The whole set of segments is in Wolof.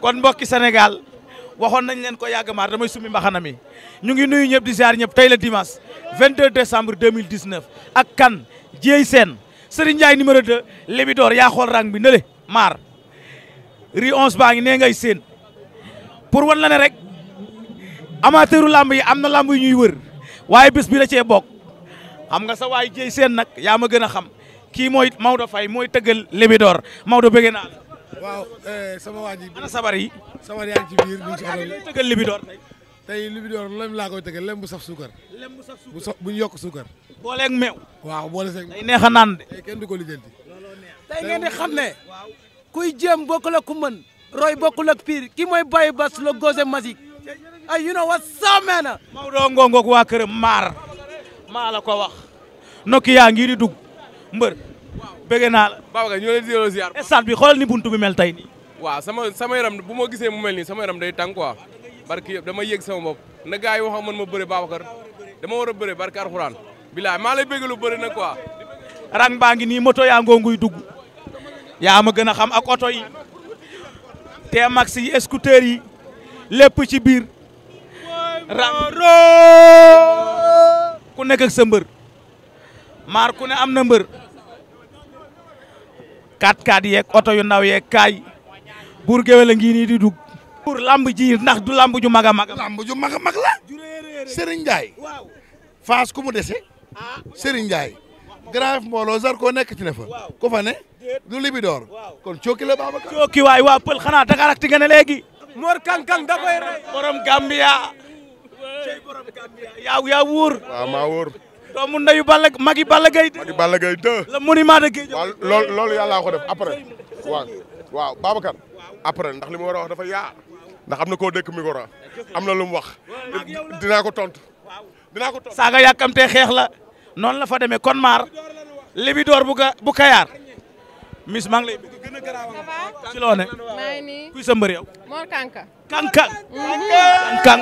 kon mbokki Sénégal waxoon nañ leen ko yàgg maar damay summi mbaxana mi ñu ngi nuyu ñëpp di ziar ñëpp tey la dimanche 22 décembre 2019 ak kan Dieye seen Serigne Ndiaye numéro 2 Libidor yaa xool rang bi nële maar ri 11 baa ngi nee ngay seen pour wan la ne rek amateuru lamb yi am na lamb yu ñuy wër waaye bés bi la cee bokk xam nga sa waay Dieye seen nag yaa ma gën a xam kii mooy Maodo fay mooy tëggal Libidor Maodo bëgg naa waaw eh, sama waa ji. ana sabar yi. sama yaa ngi ci biir ñu ngi ci oto bi. tëggal libidoor tey. tey laa koy tëggal lem bu saf suukar. lem bu saf suukar bu yokk suukar. booleeg meew. waaw boole seeg. tey neex a naan de. tey eh, kenn du ko lijjanti. ngeen di xam ne. kuy jéem bokkul ak ku mën. roy bokkul ak pire ki mooy Baye Bass le gose magique. ay you know what saa mee na. Maodo Ngongo waa këram maar. maa la ko wax. nokki yaa ngi di dugg mbër. bëgg naa la. Babacar ñu ni buntu bi mel tey waa sama sama yaram bu ma gisee mu mel ni sama yaram day tàng quoi barki yëpp dama yéeg sama bopp na gars yi waxoon man ma bëre Babacar dama war a bëre barki Alxuraan bilaay maa lay bëgg lu bëri nag quoi. rang baa ngi nii moto yaa ngoo nguy dugg yaa ma gën a xam ak oto yi te max yi lépp ci biir. rang ku nekk ak sa mbër maar ku ne am na mbër. 4x4 oto yu ndaw yeeg kaay buur géwél a di dugg. pour lamb ji ndax du lamb ju mag a mag. lamb ju a mag la. Serigne Ndiaye. Fass ku mu dese. Ah. Serigne Ndiaye. Grand mbooloo Zarko nekk ci ne fa. ku fa ne. du Libidor. kon cooki la Babacar. cooki waay waa Pël xanaa Dakar ak ti nga ne Kankang da rey. borom Gambia. yaa yaa wóor. doomu ndeyu Balla magi Balla Gaye 2. magi Balla Gaye 2. le monument de Guédiawaye. waaw loolu loolu yàllaa ko def après waaw waaw Babacar après ndax li ma a wax dafa yaar ndax am na koo dëkk micro am na lu wax dinaa ko tontu dinaa ko tontu. saa nga yàkkamtee xeex la noonu la fa demee kon maar libidoor bu ka bu kayaar Miss maa ngi lay a kuy sa mbër yow. Mor Kanka. Kanka. Mhm.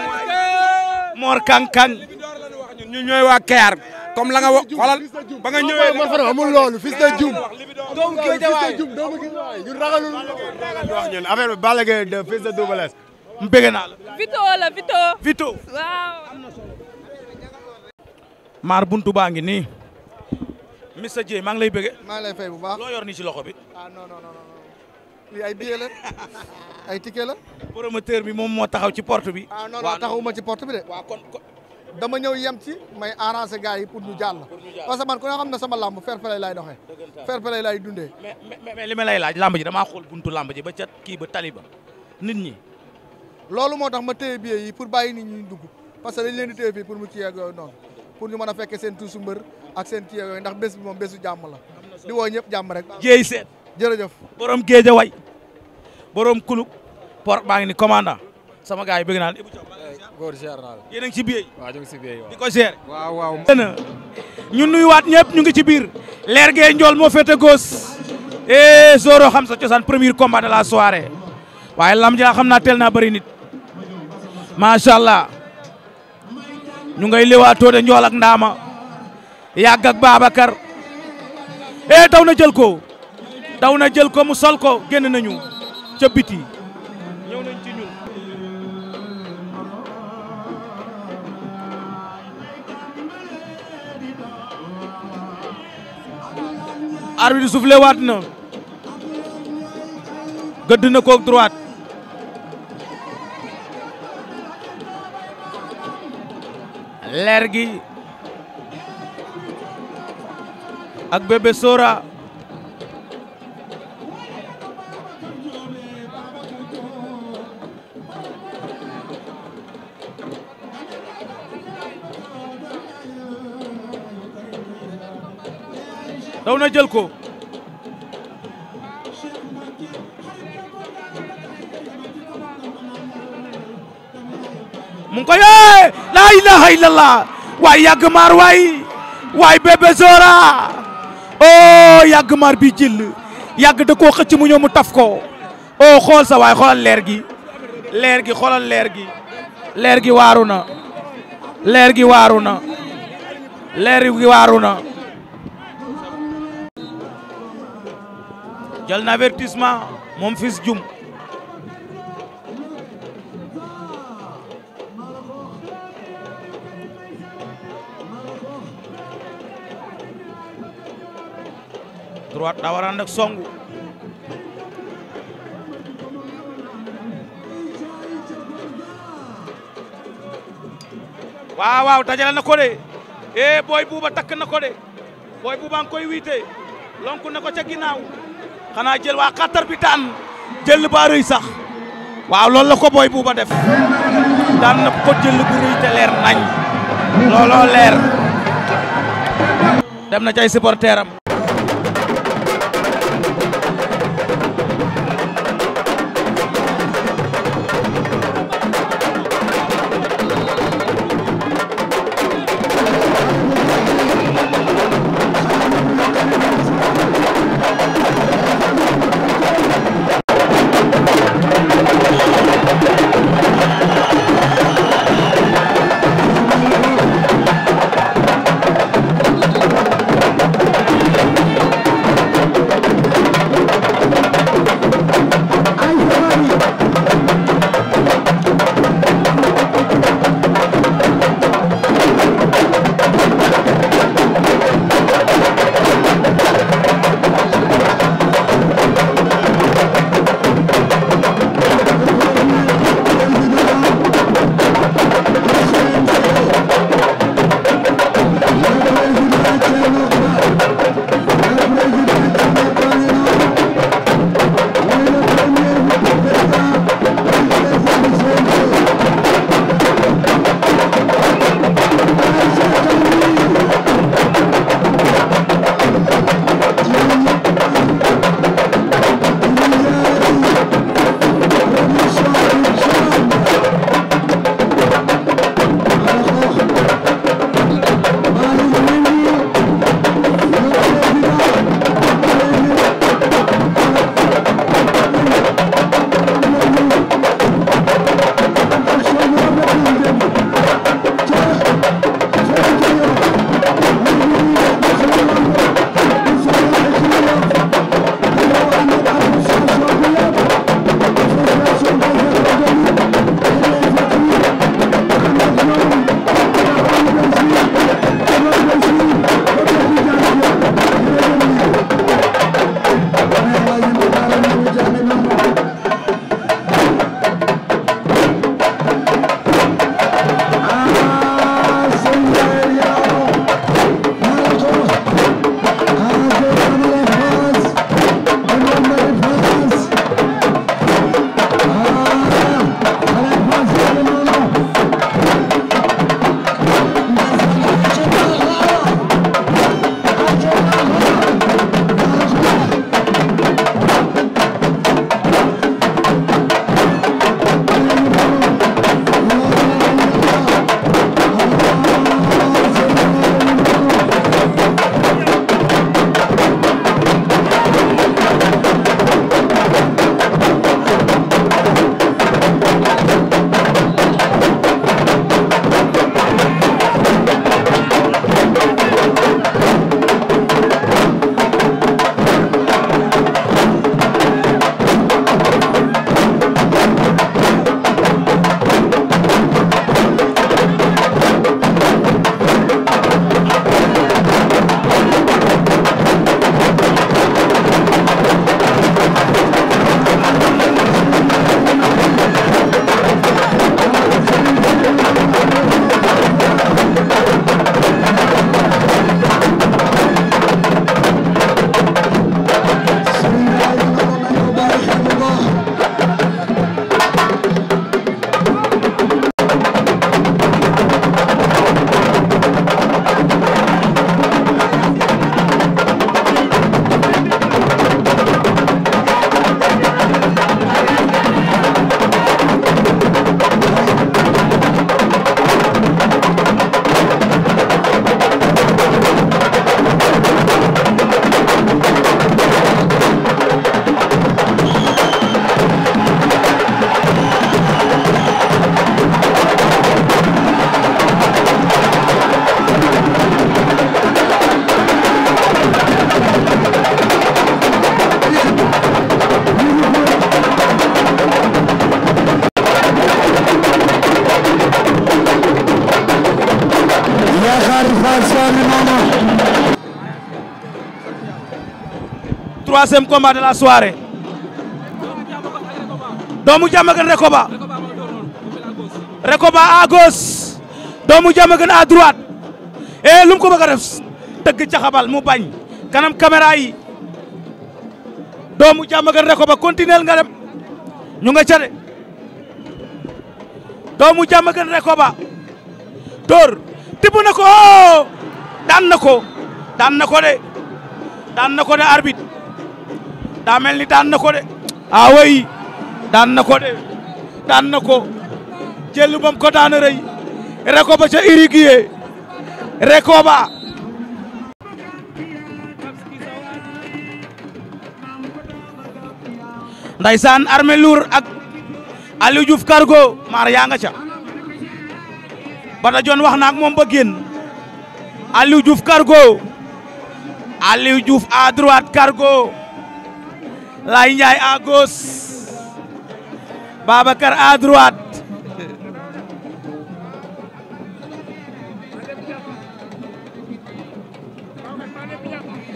ñu ñooy waa Kayar comme la nga wax xoolal ba nga ñëwee ma faram amul loolu fils de Dioum doomu kii waay doomu kii waay ñun ragalul wax ñun affaire bi Balla Gaye de fils de Double Less mu bëgg naa la Vito la Vito maar buntu baa ngi nii Mister Dieye maa ngi lay bëgge maa ngi lay fay bu baax loo yor nii ci loxo bi ah non non non lii bi moom moo taxaw ci port bi ah non non ci port bi de waaw kon dama ñëw yem ci may arranger gars yi pour ñu jàll. parce que man ku nga xam sama làmb fair-play laay doxee. fair laay dundee. mais mais li ma lay laaj làmb ji damaa xool buntu làmb ji ba ca kii ba tali nit ñi. loolu moo tax ma téye billet yi pour bàyyi nit ñu dugg parce que dañ leen di téye pour mu ci ak yooyu noonu pour ñu mën a fekkee seen tuusu mbër ak seen kii ak yooyu ndax bés bi moom bésu jàmm la. di woo ñëpp jàmm rek. jéey seet jërëjëf. borom géeja way borom kulub port baa ngi ni commandant sama gars yi bëgg naa góor gérer naa leen. yéen ci biir. waaw nuyuwaat ñëpp ñu ngi ci biir. leer gee njool moo féete góos. eh Zoro xam sa cosaan premier combat de la soirée. waaye lam jaa xam naa teel naa bëri nit. macha allah. ñu ngay lewaatoo de njool ak ndaama. yàgg ak Babacar. Eh, na jël ko. daw na jël ko mu sol ko génn nañu ca biti. arbitre soufflé waat na gëdd na koog droite leer ak bébé Sora daw na jël ko mu ngi koy yee eh, laa ilaha illallah waay yàgg maar waay waay bébé zora oh yàgg maar bi jël yàgg da koo xëcc mu ñëw mu taf ko oh xool sa waay xoolal leer gi leer gi xoolal leer gi leer gi waaru na leer gi waaru na leer gi waaru na jël na avertissement moom Fils Dioum droite daa waaw waaw dajale ko de eh booy buuba takk na ko de booy buuba koy wiite lonku na ko ca ginnaaw xanaa jël waa xattar bi daan jël ba rëy sax waaw lool la ko booy buuba def daan na ko jël bu rëy te leer nañ looloo leer dem na cay supporteram troisième combat mu la soirée doomu Diamaguène Recoba Recoba à gauche doomu Diamaguène à droite eh lu mu ko bëgg a def tëgg caxabal mu bañ kanam caméra yi doomu Diamaguène Recoba continuel nga dem ñu nga ca de doomu Diamaguène Recoba dóor tibb na ko daan na ko daan na ko daan na ko de arbitre daa mel ni daan na ko de ah way daan na ko de daan na ko jël bam ko daan rëy reko ba ca irrigué reko ba ndaysaan armé lour ak Aliou Diouf maar yaa nga ca bata jon wax na moom ba génn Aliou Diouf cargo Aliou Diouf lay Ndiaye à gauche Babacar à droite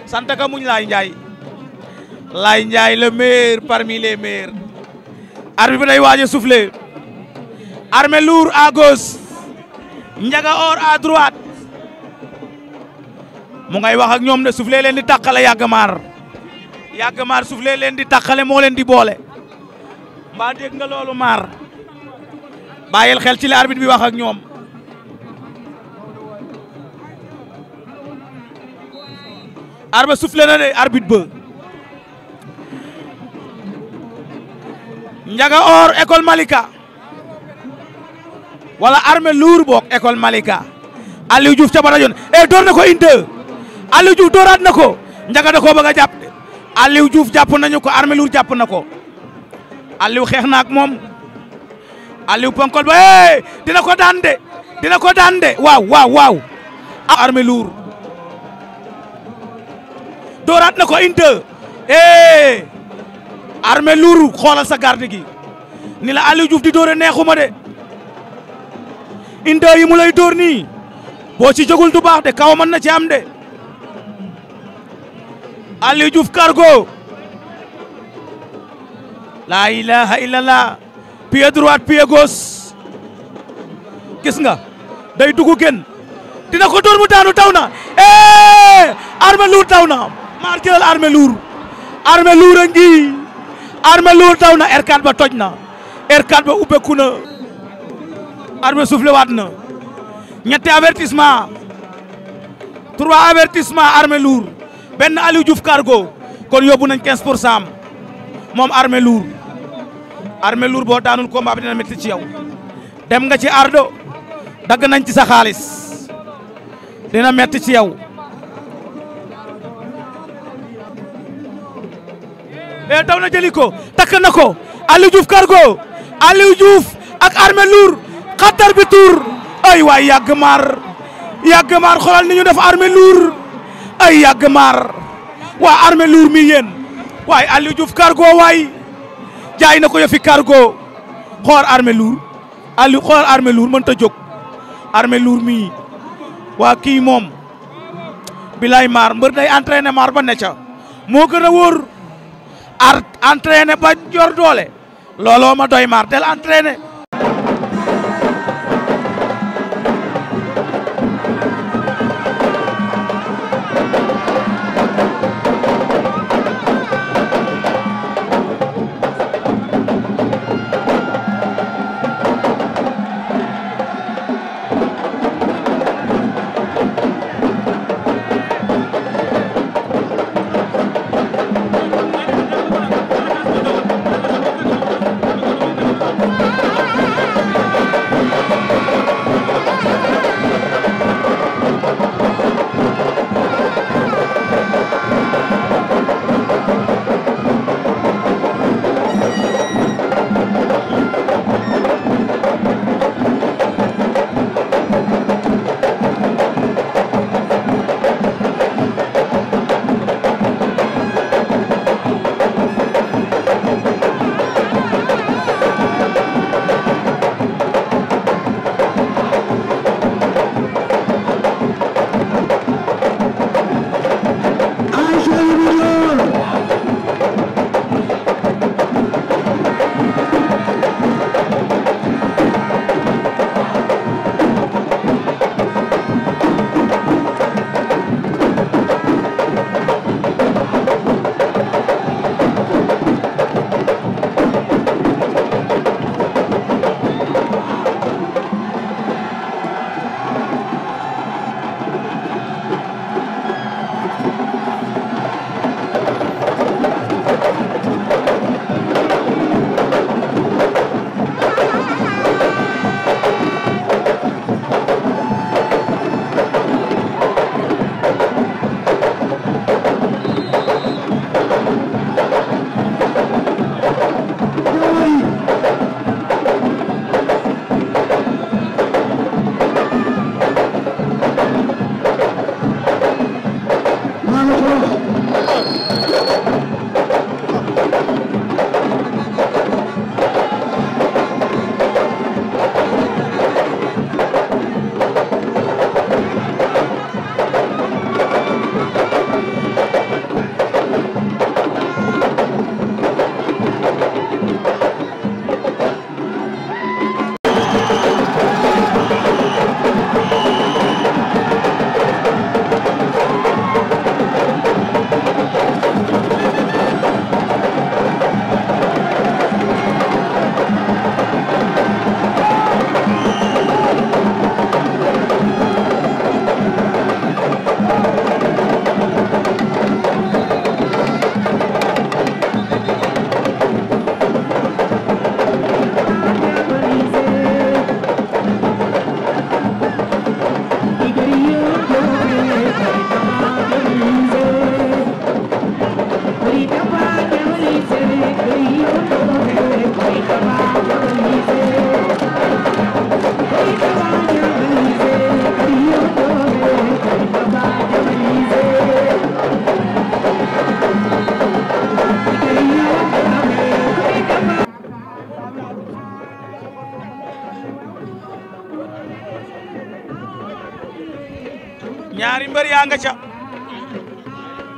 sant ka muñ Laye Ndiaye Laye Ndiaye le meilleur parmi les meilleurs arbitre bi day waaj a soufflé armé lourd à gauche Ndiaga or mu ngay wax ñoom ne soufflé leen di tàqale yàgg maar yàgg maar suuf leen di tàqale moo leen di boole mbaa dégg nga loolu maar bàyyil xel ci la arbitre bi wax ak ñoom arba soufflé na de arbitre ba njaga or école malika wala armée lour boog école malika Aliou Diouf ca barajon e eh, door na ko une deux Aliou dooraat na ko njaga da koo jàpp Aliou Diouf jàpp nañu ko armé lu jàpp na ko Aliou xeex na moom Aliou ponkol ba hey dina ko daan de dina ko daan de waaw waaw waaw ah, armé luur dooraat na ko une deux eh armé luur xoolal sa garde gi ni la Aliou Diouf di dóore neexuma de une deux yi mu lay dóor nii boo ci jógul du baax de kawa mën na ci am de Aliou Diouf Cargo laa ilaha illallah pied droite pied gis nga day dugg génn dina ko dóor mu daanu taw na eh! arme lourd taw na maar jëlal arme lourd arme lourd a arme lourd taw na R4 ba toj na r ba ubbeeku arme soufflé waat na ñetti avertissement trois avertissement arme lourd benn Aliou Diouf cargo kon yóbbu nañ 15 pour cent moom armé lourd armé boo daanul combat bi dina métti ci yow dem nga ci ardo dagg nañ ci sa xaalis dina métti ci yow. mais eh, daw na jëli ko takk na ko Aliou Diouf cargo Aliou Diouf ak armé lourd bi tuur ay waay yàgg maar yàgg maar xoolal ni ñu def armé ay yàgg maar waa armée lour mi yéen waaye Aliou Diouf cargo jaay na ko yëfi cargo xoor armée lour Aliou xoor armée lour mënut a jóg armée lour mii waa kii moom bilay maar mbër day entraîné maar ba ne ca moo gën a wóor ar entraîné ba jor doole looloo ma doy maar del entraîné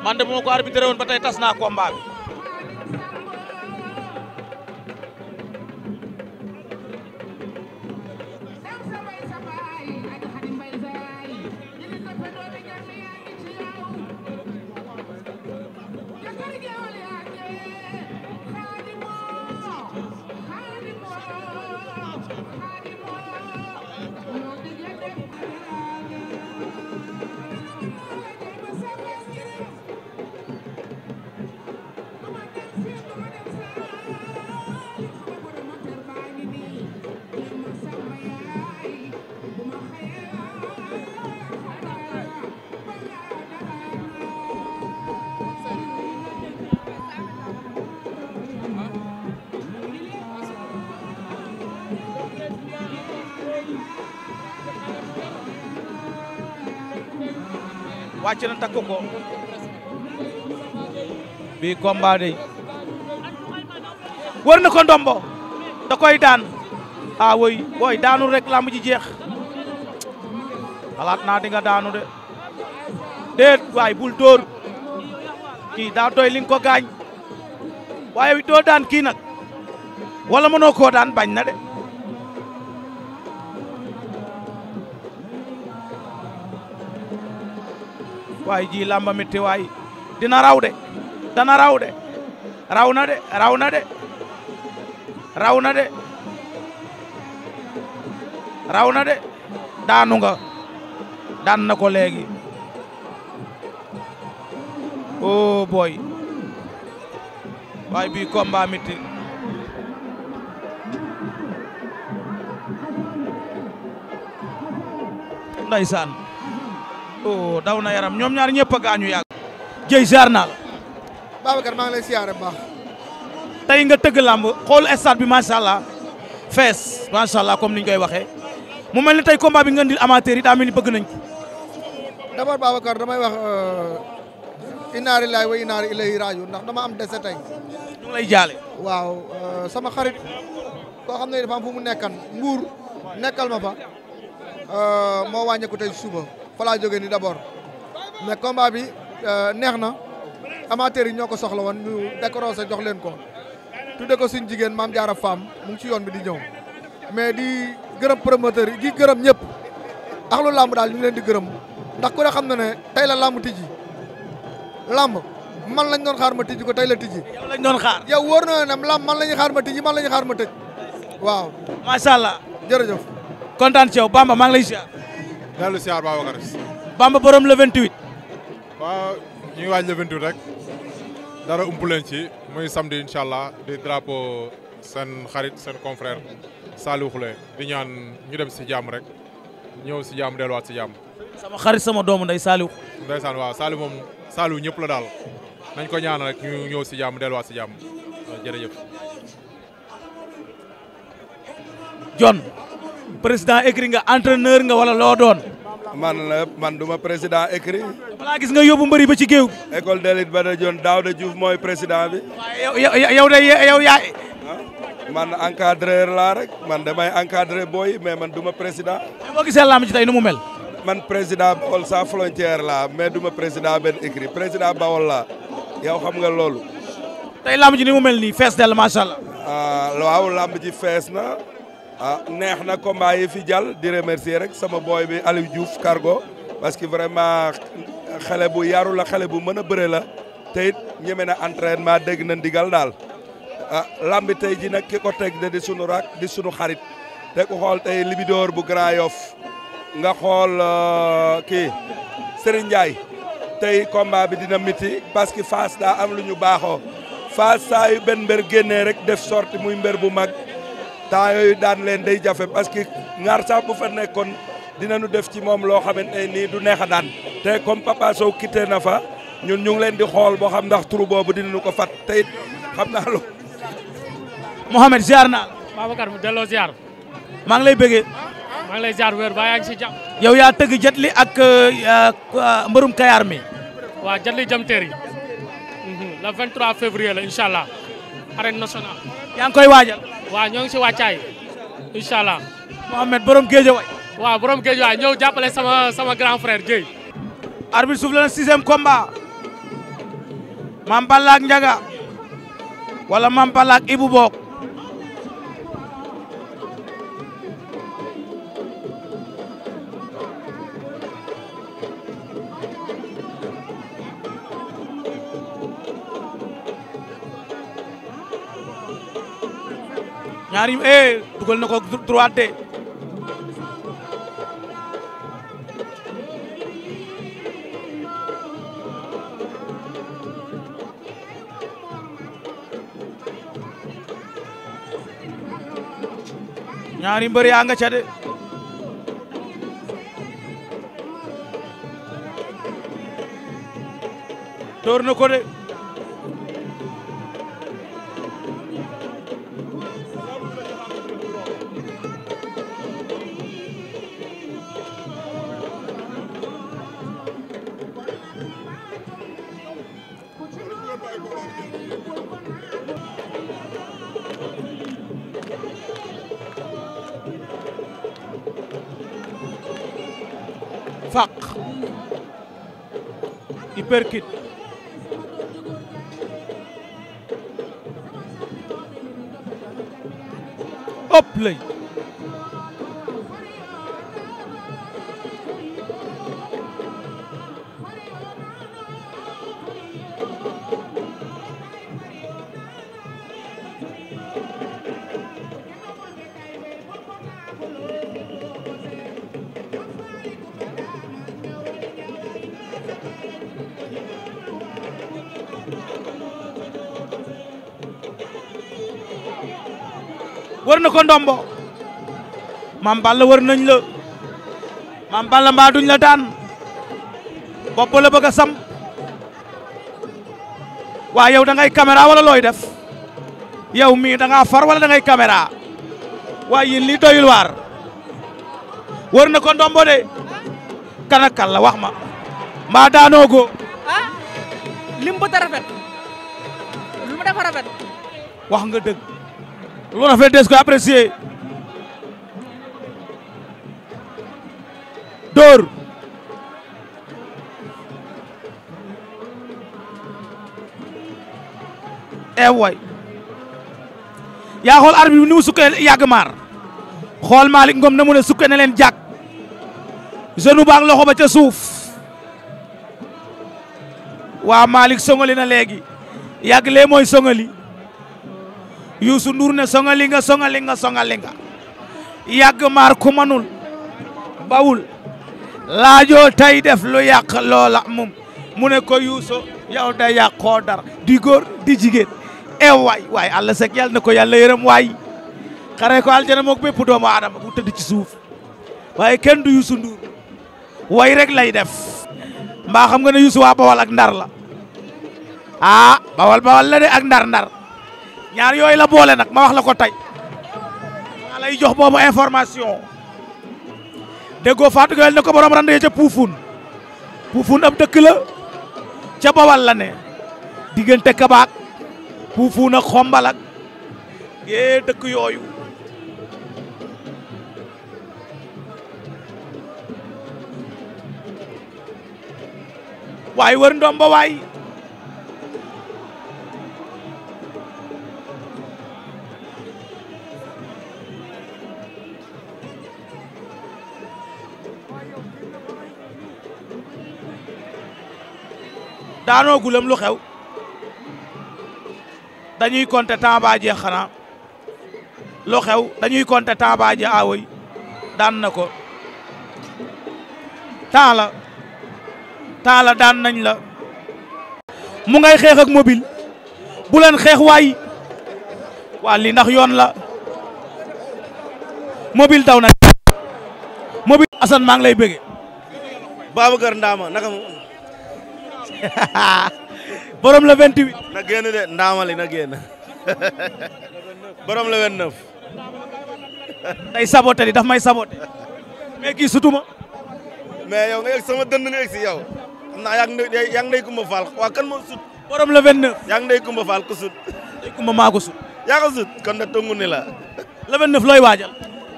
man de bu ma ko arbitré woon ba tey tas naa wàcc na takk ko bi combat wër na ko ndombo da koy daan a ah, woy booy rek làmb ji jeex xalaat naa di nga daanu de déet waay bul dóor kii daa doy li ko gaañ waaye doo daan kii nag wala mënoo koo daan bañ na de waay jii làmba metti waay dina raw de dana raw de raw na de raw na de raw na raw na daanu nga daan na ko léegi oh boy waaye bii combat metti ndeysaan oh daw na yaram ñoom ñaar ñëpp a gaañu yàgg. Dieye ziar naa la. Babacar maa ngi lay siyaare baax. tey nga tëgg làmb xool stade bi macha allah fees macha allah comme niñ koy waxee mu mel ni tey combat bi nga indil amateur yi daa mel ni bëgg nañ ko. d'abord damay wax euh, inna lillahi wa inna ilayhi ndax dama am dese tey. ñu ngi lay jaale. waaw euh, sama xarit koo xam ne dafa am fu mu nekkan mbuur nekkal ma fa euh, moo wàññeeku tey suba. fa laa jógee nii d'abord mais combat bi euh, neex na amateurs yi ñoo ko soxla woon ñu décoré sa jox leen ko tudde ko suñ jigéen maam jaara femme mu ngi ci yoon bi di ñëw mais di gërëm promoteur yi di gërëm ñëpp axlu làmb daal ñu leen di gërëm ndax ku ne xam na ne tey la làmb tijji lamb man lañ doon xaar ma tijji ko tey la tijji. yow lañ doon xaar. yow wóor na ne man la ñuy xaar ma tijji man la ñuy xaar ma tëj waaw. macha allah jërëjëf. kontaan ci yow Bamba maa lay ziar. dellu siyaar Babacar Bamba borom le 28. waaw ñu ngi waaj le rek dara umpu leen ci muy samedi incha allah di drapeau seen xarit seen confrère Saliou di ñaan ñu dem si jàmm rek ñëw si jàmm delluwaat si jàmm. sama xarit sama doomu ndey Saliou. ndeysaan waaw Saliou moom Saliou ñëpp la daal nañ ko ñaan rek ñu ñëw si jàmm delluwaat si jàmm jërëjëf. président écrit nga entraîneur nga wala loo doon. man la man du ma président écrit. balaa gis nga yóbbu mbëri ba ci géew. école d'élite ba da joon Daouda Diouf mooy président bi. waaw yow yow day yow yaay. Ah, man encadreur laa rek man damay encadré booy mais man du ma président. boo gisee làmb ci nu mu mel. man président Bawol sans frontière laa mais duma président benn écrit président Bawol laa yow xam nga loolu. tey làmb ji ni mu mel nii ah, waaw làmb ji na. ah neex na combat yi fi jàll di remercier rek sama booy bi Aliou Diouf cargo parce que vraiment xale bu yaru la xale bu mën a bëre la te it ñeme na entraînement dégg na ndigal daal ah lambi tey ji nag ki ko teg de di sunu rak di suñu xarit te ku xool tey libidoor bu Grand Yoff nga xool euh, kii Serigne Ndiaye tey combat bi dina miti parce que Fass daa am lu ñu baaxoo Fass saa yu benn mbër génnee rek def sorti muy mbër bu mag temps yooyu daan leen day jafe parce que Ngar Sarr bu fa nekkoon dinañu def ci moom loo xamante ne nii du neex a daan. te comme Papa Sow na fa ñun ñu ngi leen di xool boo xam ndax turu boobu dinañu ko fat tey it xam naa lu. Mohamed ziar naa. Babacar mu delloo ziar. maa ngi lay bëggee. maa ngi lay ziar wér ba yaa ngi si jàmm. yow yaa tëgg Jetli ak euh, euh, mbërum Kayar mi. waa Jetli jam yi. Mhm, le 23 la incha allah. arène nationale. yaa ngi koy waajal. waaw ñoo ngi si wàccaay incha allah. Mohamed borom Géejawaay. waa borom Géejawaay ñëw jàppale sama sama grand frère Dieye. arbitre souffle na sixième combat. Mame Balla ak Ndiaga wala Mame Balla ñaari eh dugal mbër yaa nga ca de door na ko de fàq uppercut ëpp lay na ko ndombo Mame Balla wër nañ la Mame mbaa duñ daan bopp la bëgg sam waa yow dangay ngay caméra looy def yow mii da far wala da ngay caméra waa yéen doyul waar wër na ko ndombo de kan ak wax ma mbaa daanoo ko ah, lim ba ta rafet wax nga dëgg lu rafet des ko apprécier dóor ee eh yaa xool arbitre bi ni mu sukkee yàgg maar xool Malick Ngom na mu ne sukkee na leen jàkk genou baa loxo ba ca suuf waa malik songali na léegi yàgg lee mooy songali Youssou Ndour ne songalinga songalinga songalinga yàgg maar ku manul bawul laajoo tay def lu yàq loola moom mu ne ko Youssou yow da yàqoo dara di góor di jigéen e waay waay àlla sek yàlla na ko yàlla yërëm waay xare ko aljana mook bépp doomu aadama bu tëdd ci suuf waaye kenn du Youssou Ndour way rek lay def mbaa xam nga ne Youssou waa bawal ak ndar la ah bawal bawal de ak ndar ndar ñaar yooyu la boole nag ma wax la ko tay maa lay jox boobu information déggoo Fatou Gueye ne ko borom rande ca Poufoun Poufoun ab dëkk la ca Bawal la ne diggante Kabaak Poufoun ak Xombal ak dëkk yooyu. waay wër ndomba waay. daanoo gulam lu xew dañuy compter temps baa jeex xanaa lu xew dañuy compter temps baa jeex awoy ah daan na ko temps la temps la daan nañ la mu ngay xeex ak mobile bu leen xeex waay waa li ndax yoon la mobil daw na mobile assan maa ngi lay bëgge Babacar Ndama naka borom la 28. na génn de ndaamali na génn borom la 29. tey saboté di daf may sabote mais kii sutuma mais yow nga yegg sama dënd nga yegg si yow xam naa yaa ngi yaa ngi ndey kumba faal waa kan moo sut borom la 29 yaa ngi kumba faal ku sut ndey kumba maa ko sut yaa sut kon da tongu ni la le 29 waajal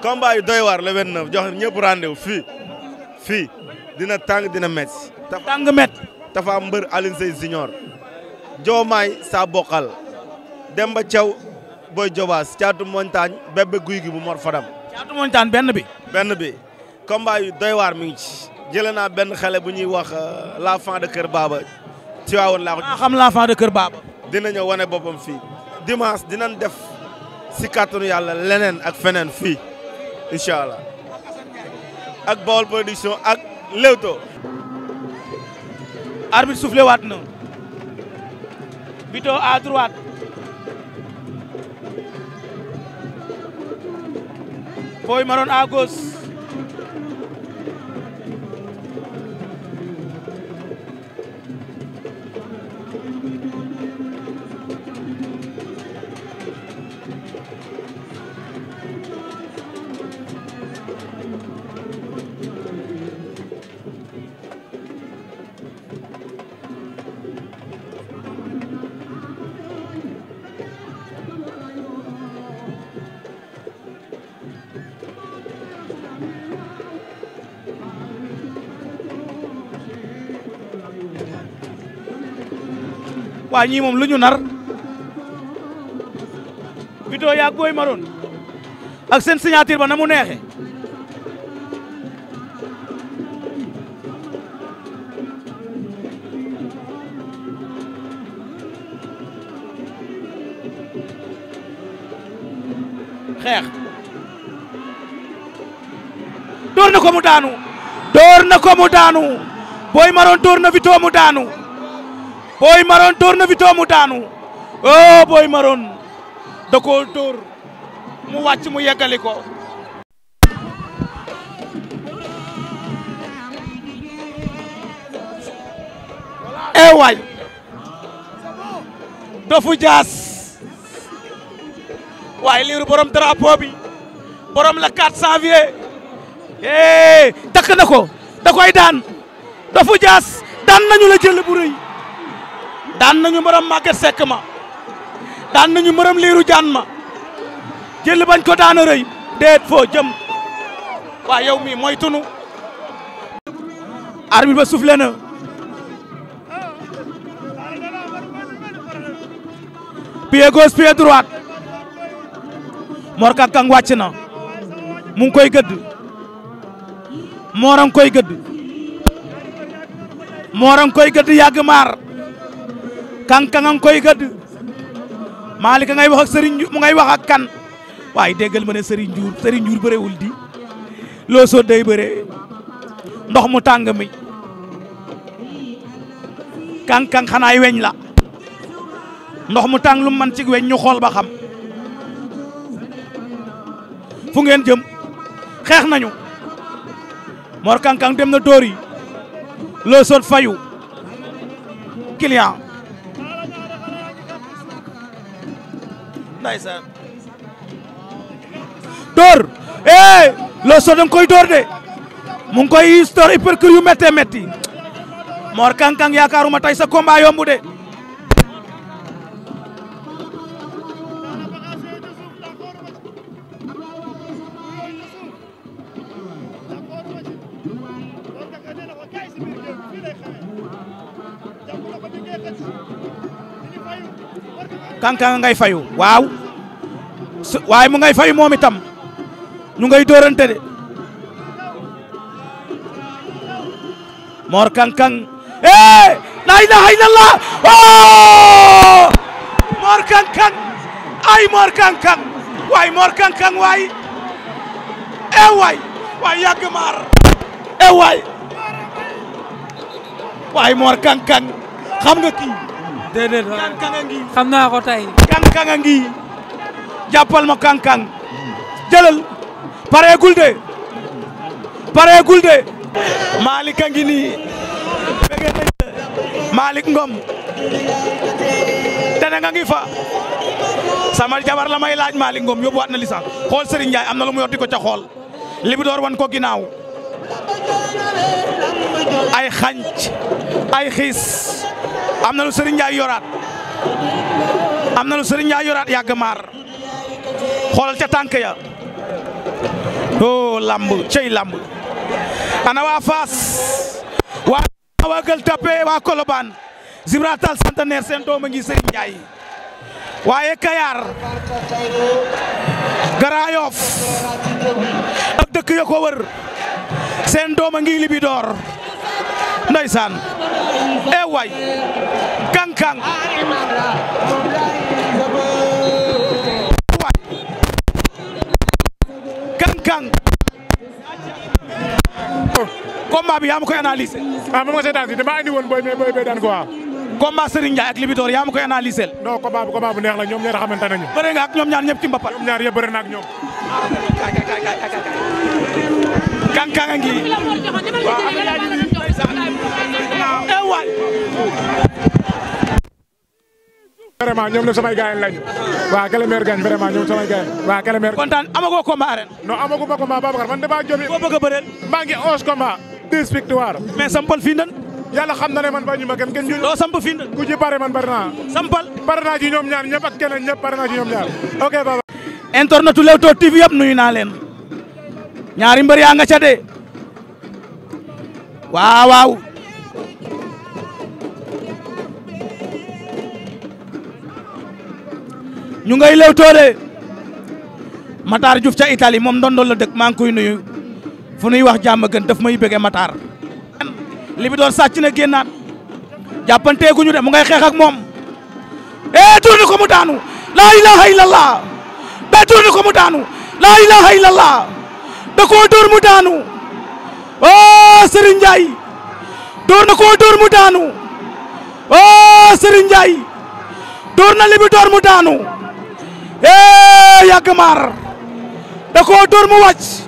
combat yu doy waar le 29 jox ñëpp rendez-vous fii fii dina tàng dina métti tàng métti Tafa Mbër Alioune Seye Junior Joomaay saa dem ba Thiaw Boy Jobaas caatu montagne guy gi bu Mor benn bi. benn bi combat yu doy waar mi ngi ci. jëlee naa benn xale bu ñuy wax euh, l'enfant de Kër Baba ci waawoon laa ko. ah xam l'enfant de Kër Baba. dina ñëw wane boppam fii dimanche dinañ def si kàttanu yàlla leneen ak feneen fi incha allah ak Baol Production ak Leewtoo. arbitre soufflé waat na Bito à droite Boy Maroon à gauche waa moom lu ñu nar Vito yaa Boy Maroon ak seen signature ba na mu neexe xeex door na ko mu daanu door na ko mu daanu Boy Maroon door na Vito mu daanu Boy Maroon dóor na fi doomu daanu oh Boy Maroon da dóor mu wàcc mu yeggali ko. eh waay dofu jaas waaye liiru borom drapeau bi borom la 4 janvier eh takk na ko da koy daan dofu jaas daan nañu la jël daan nañu mbërëm Maguette Seck ma daan nañu mbërëm liiru jaan ma jël bañ ko daan a déet foo jëm waa yow mii mooy tunu arbitre ba soufflé na pied gauche pied droite Mor Kang koy gëdd koy gëdd Mor koy gëdd kanka nga koy gëdd Malick ngay wax ak Serigne mu ngay wax ak kan waaye déggal ma ne Serigne Ndiour Serigne Ndiour bërewul di loo soo day bëree ndox mu tàng mi kankan xanaay weñ la ndox mu tàng lu man ci weñ ñu xool ba xam fu ngeen jëm xeex nañu Mor Kankang dem na dóor yi loo soot fayu client ndeysaan door eh Lo Sow da nga koy door de mu koy door hypercure yu méttee métti Mor Kang Kang yaakaaruma tey sa yombu de a ngay fayu waaw waaye mu ngay fayu moom itam ñu ngay dóorante de Mor Kang Kang eh la ilaha oh! Mor Kang ay Mor Kang waay Mor Kang waay eh waay waay yàgg maar e, waay Mor Kang Kang nga kii déedéet kankanga ngi jàppal ma kankang jëlal pareegul de pareegul de Malick a ngi nii bëgg nañ Malick Ngom ngi fa sama jabar la may laaj Malick Ngom yóbbuwaat na lisaan xool Serigne Ndiaye am na lu mu yor di ko ca xool li mu door wan ko ginnaaw ay xanc ay xiis am na lu Serigne Ndiaye yoraat am na lu maar xoolal ca tànk ya oh lamb cey lamb ana waa Fass waa waa Gueule Tapée waa Colobane Gibraltar centenaire seen doom a ngi Serigne Ndiaye waaye Kayar Grand Yoff ak dëkk ya wër seen doom a ngi Libidor ndeysaan e eh, waay kang-kang waay kang bi yaa ma koy analyser ah moom nga seetaan si dama andi woon booy mais booy bee daan ko waaw ah. combat Serigne Ndiaye ak Libidor yaa ma koy analyser non combat bu combat neex la ñoom ñaar xamante nañu bëre nga ak ñoom ñaar ñëpp ci mbapat ñoom ñaar yëpp ak ñoom ngi eh waay. vraiment ñoom ñoom samay gars lañu waaw que le maire gagne ñoom samay gars yi jomi. boo bëgg a bëreel. maa ngi 11 combat 10 victoire. sampal fii nan. yàlla xam na ne man bañu ma kenn kenn ñu. doo samp fii nan. ku ci pare man pare naa. sampal pare naa ci ñoom ñaar ñëpp ak keneen ñëpp pare naa ñoom ñaar ok Babacar. internetu Leewtoo TV yëpp nuyu naa leen ñaari mbër yaa nga ca de. waaw waaw ñu ngay lewtoo de Matar Diouf ca Italie moom ndondol la dëkk maa ngi koy nuyu fu nuy wax jàmm gën daf may bëgge Matar li bi doon sàcc na génnaat jàppanteeguñu de mu ngay xeex moom ee eh, turni ko mu daanu laa ilaha illallah be turni ko mu daanu laa ilaha illallah da koo dóor mu daanu oh Serigne Ndiaye na koo door mu daanu oh Serigne Ndiaye na libi door mu daanu eh yàgg maar da koo door mu wàcc